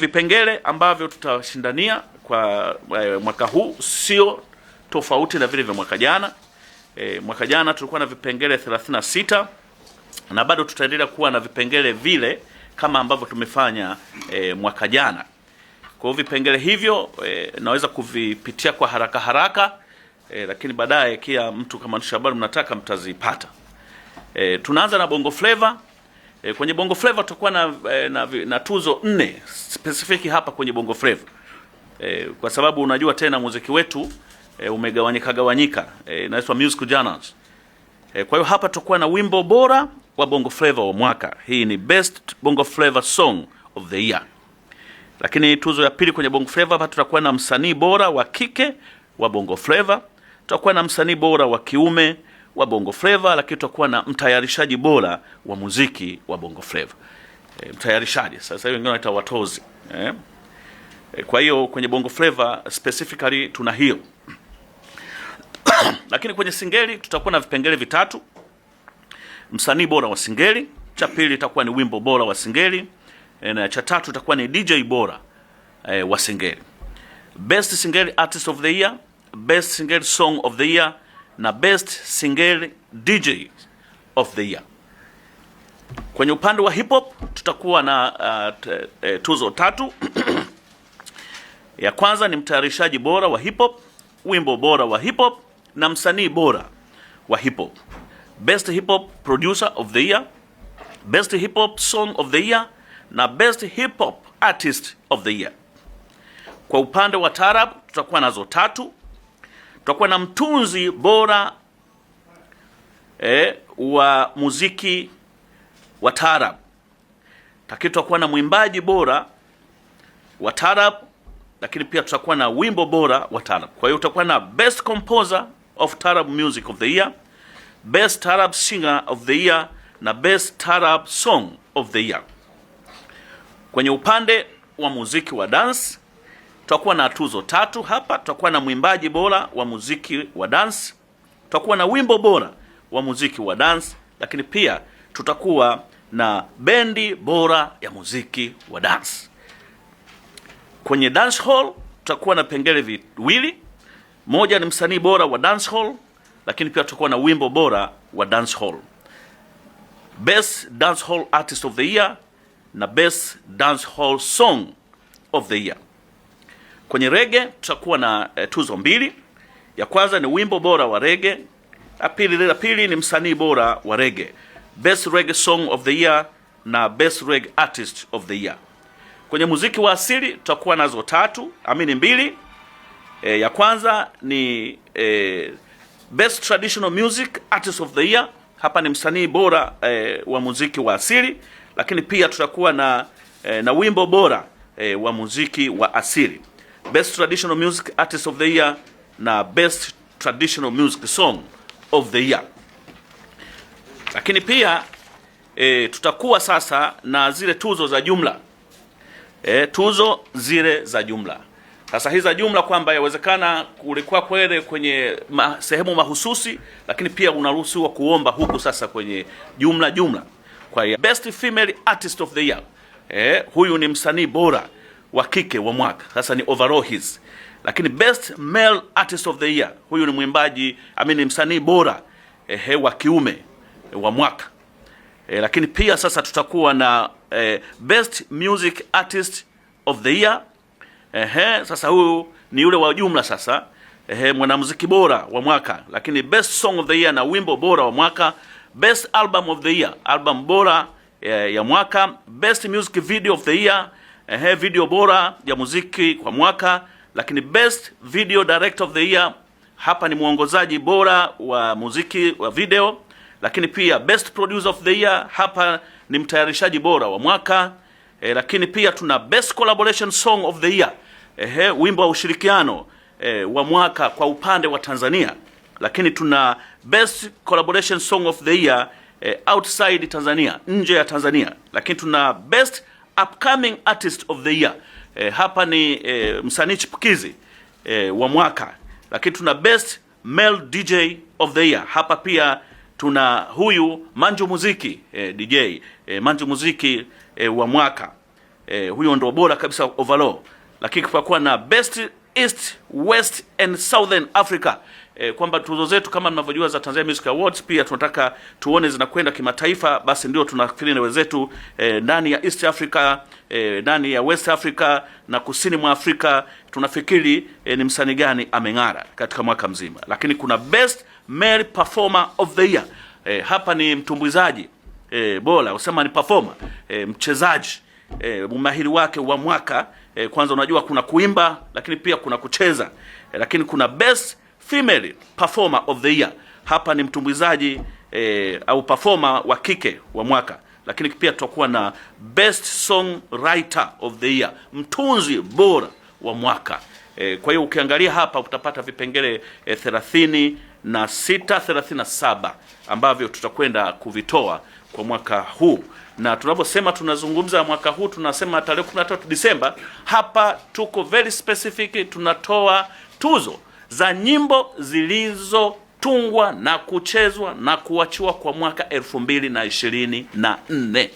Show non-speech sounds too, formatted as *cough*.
Vipengele ambavyo tutashindania kwa eh, mwaka huu sio tofauti na vile vya mwaka jana. E, mwaka jana tulikuwa na vipengele 36 na bado tutaendelea kuwa na vipengele vile kama ambavyo tumefanya e, mwaka jana. Kwa hiyo vipengele hivyo e, naweza kuvipitia kwa haraka haraka e, lakini baadaye kila mtu kama habari mnataka mtazipata. E, tunaanza na Bongo Flava. E, kwenye Bongo Flava tutakuwa na, eh, na, na tuzo nne specific hapa kwenye Bongo Flava e, kwa sababu unajua tena muziki wetu e, umegawanyika gawanyika e, naitwa music Journals. e, kwa hiyo hapa tutakuwa na wimbo bora wa Bongo Flava wa mwaka. Hii ni best Bongo Flava song of the year. Lakini tuzo ya pili kwenye Bongo Flava hapa tutakuwa na msanii bora wa kike wa Bongo Flava, tutakuwa na msanii bora wa kiume wa Bongo Flava, lakini tutakuwa na mtayarishaji bora wa muziki wa Bongo Flava. E, mtayarishaji sasa hivi wengine wanaita watozi e. E, kwa hiyo kwenye Bongo Flava specifically tuna hiyo *coughs* lakini kwenye singeli tutakuwa na vipengele vitatu: msanii bora wa singeli, cha pili itakuwa ni wimbo bora wa singeli, e, na cha tatu itakuwa ni DJ bora e, wa singeli, best singeli artist of the year, best singeli song of the year na best single DJ of the year. Kwenye upande wa hip hop tutakuwa na uh, t, e, tuzo tatu *clears throat* ya kwanza ni mtayarishaji bora wa hip hop, wimbo bora wa hip hop na msanii bora wa hip hop. Best hip hop producer of the year, best hip hop song of the year na best hip hop artist of the year. Kwa upande wa tarab tutakuwa nazo tatu tutakuwa na mtunzi bora eh, wa muziki wa taarab, lakini tutakuwa na mwimbaji bora wa taarab, lakini pia tutakuwa na wimbo bora wa taarab. Kwa hiyo utakuwa na best composer of taarab music of the year, best taarab singer of the year na best taarab song of the year. Kwenye upande wa muziki wa dance tutakuwa na tuzo tatu hapa. Tutakuwa na mwimbaji bora wa muziki wa dance, tutakuwa na wimbo bora wa muziki wa dance, lakini pia tutakuwa na bendi bora ya muziki wa dance. Kwenye dance hall tutakuwa na pengele viwili, moja ni msanii bora wa dance hall, lakini pia tutakuwa na wimbo bora wa dance hall, best dance hall artist of the year na best dance hall song of the year. Kwenye rege tutakuwa na e, tuzo mbili. Ya kwanza ni wimbo bora wa rege, la pili la pili ni msanii bora wa rege, best reggae song of the year na best reggae artist of the year. Kwenye muziki wa asili tutakuwa nazo tatu amini mbili. E, ya kwanza ni e, best traditional music artist of the year. Hapa ni msanii bora e, wa muziki wa asili, lakini pia tutakuwa na e, na wimbo bora e, wa muziki wa asili. Best Traditional Music Artist of the Year na Best Traditional Music Song of the Year. Lakini pia e, tutakuwa sasa na zile tuzo za jumla e, tuzo zile za jumla sasa hizi za jumla kwamba yawezekana kulikuwa kwele kwenye ma, sehemu mahususi, lakini pia unaruhusiwa kuomba huku sasa kwenye jumla jumla. Kwa ya, Best Female Artist of the Year, e, huyu ni msanii bora wa kike wa mwaka, sasa ni overall his. Lakini best male artist of the year, huyu ni mwimbaji amini, msanii bora eh, wa kiume eh, wa mwaka eh, lakini pia sasa tutakuwa na eh, best music artist of the year eh, eh, sasa huyu ni yule wa jumla sasa eh, mwanamuziki bora wa mwaka, lakini best song of the year na wimbo bora wa mwaka, best album of the year, album bora eh, ya mwaka, best music video of the year ehe, video bora ya muziki kwa mwaka, lakini best video director of the year, hapa ni mwongozaji bora wa muziki wa video, lakini pia best producer of the year, hapa ni mtayarishaji bora wa mwaka e, lakini pia tuna best collaboration song of the year, ehe, wimbo wa ushirikiano e, wa mwaka kwa upande wa Tanzania, lakini tuna best collaboration song of the year e, outside Tanzania, nje ya Tanzania, lakini tuna best upcoming artist of the year e, hapa ni e, msanii chipukizi e, wa mwaka, lakini tuna best male DJ of the year hapa pia tuna huyu Manju Muziki e, DJ e, Manju Muziki e, wa mwaka e, huyo ndo bora kabisa overall, lakini kwa kuwa na best East West and Southern Africa e, kwamba tuzo zetu kama mnavyojua za Tanzania Music Awards pia tunataka tuone zinakwenda kimataifa, basi ndio tunafikiri na wenzetu e, ndani ya East Africa e, ndani ya West Africa na kusini mwa Afrika tunafikiri e, ni msanii gani ameng'ara katika mwaka mzima. Lakini kuna best male performer of the year e, hapa ni mtumbuizaji e, bora usema ni performer e, mchezaji e, umahiri wake wa mwaka e, kwanza unajua kuna kuimba lakini pia kuna kucheza e, lakini kuna best female performer of the year. Hapa ni mtumbuizaji eh, au performer wa kike wa mwaka, lakini pia tutakuwa na best song writer of the year, mtunzi bora wa mwaka. Eh, kwa hiyo ukiangalia hapa utapata vipengele eh, thelathini na sita, thelathini na saba ambavyo tutakwenda kuvitoa kwa mwaka huu, na tunaposema tunazungumza mwaka huu tunasema tarehe 13 Disemba. Hapa tuko very specific, tunatoa tuzo za nyimbo zilizotungwa na kuchezwa na kuachiwa kwa mwaka elfu mbili na ishirini na nne.